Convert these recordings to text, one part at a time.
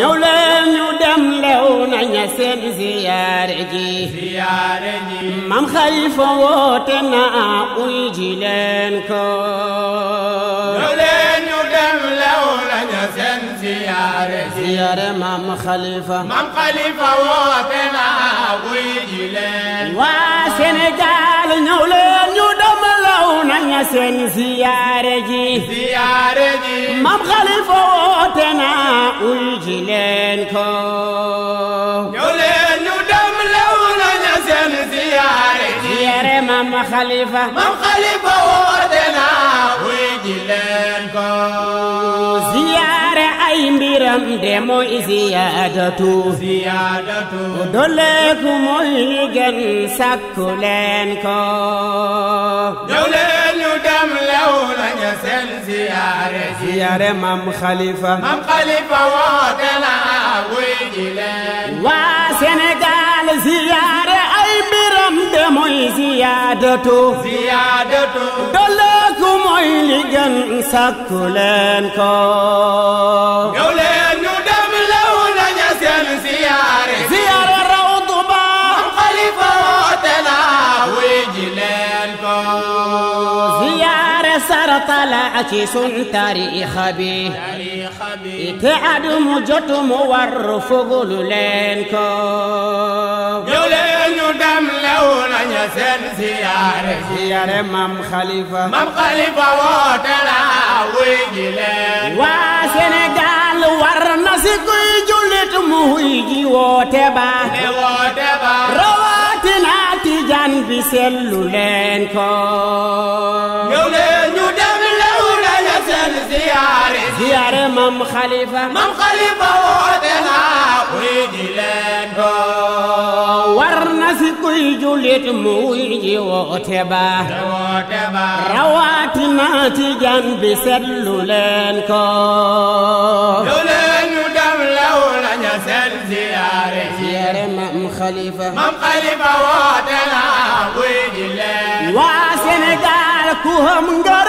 ñëw leen ñu dem lew naña seen ziyaare ji ziyaare xalifa woote na uy ji leen ko leen ñu dem lew naña seen ziyaare ji ziyaare xalifa maam xalifa woote na uy ji waa Sénégal ñëw leen seen ziyaare ji ziyaare ji mam xalifa woote na uy ji leen ko ñëw leen ñu dem lew na ña seen ziyaare ji ziyaare mam xalifa mam xalifa woote na uy ji leen ko ziyaare ay mbiram de mooy ziyaadatu ziyaadatu doleeku mooy li gën sakku leen ko ñëw leen ziyaare maam xalifa maam xalifa woote la wuy ji leen waa Sénégal ziyaare ay mbiram de mooy ziyaadatu ziyaadatu doleeku mooy li gën sakku leen ko talaat ci suñ tariixa bi te adumu jotu mu war fugulu leen ko ñëw leen ñu dem lew nañu seen siyaare siyaare mam xalifa mam xalifa woote la wuy ji leen waa Sénégal war na si kuy jullit mu wuy ji woote ba ne woote ba rawatina tijaan bi sellu leen ko ñëw leen ديار مم خليفة مم خليفة وعدنا ويجي لندو ورنس كل جليت مويجي وتبا رواتنا تجان بسلو لنكو لولن دم لولا نسل زيارة زيارة مم خليفة مم خليفة وعدنا ويجي لندو وسنغال كوهم قرم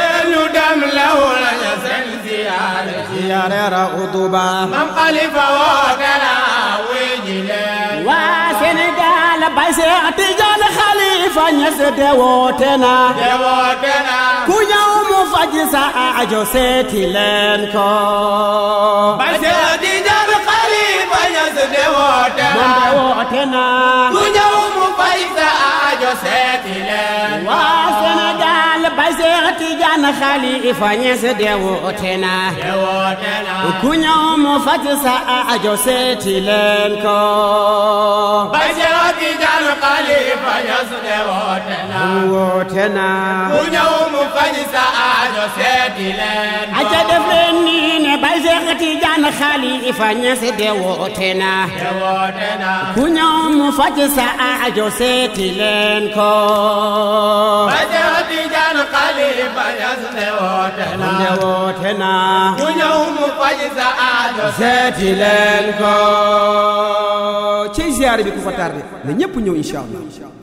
na reera utuba mam xalifa woote na wuy ji leen waa Sénégal bay Seex Tijaan xalifa Ñas de woote na de woote na ku ñëw mu faj sa aajo seeti leen ko bay Seex Tijaan xalifa Ñas de woote na ku ñëw mu faj sa aajo seeti Seex Tijaan xalifa Ñas deewoote na ku ñëw mu faj sa aajo seeti leen ko ba Seex Tijaan xalifa Ñas deewoote na woote na ku ñëw mu faj sa aajo seeti leen ko aja def leen nii ne ba Seex Tijaan xalifa Ñas deewoote na ku ñëw mu faj sa aajo seeti leen ko naa ñu ñëw mu faj sa aajo seeti leen ko ci ziyaare bi ku fa tardé na ñépp ñëw incha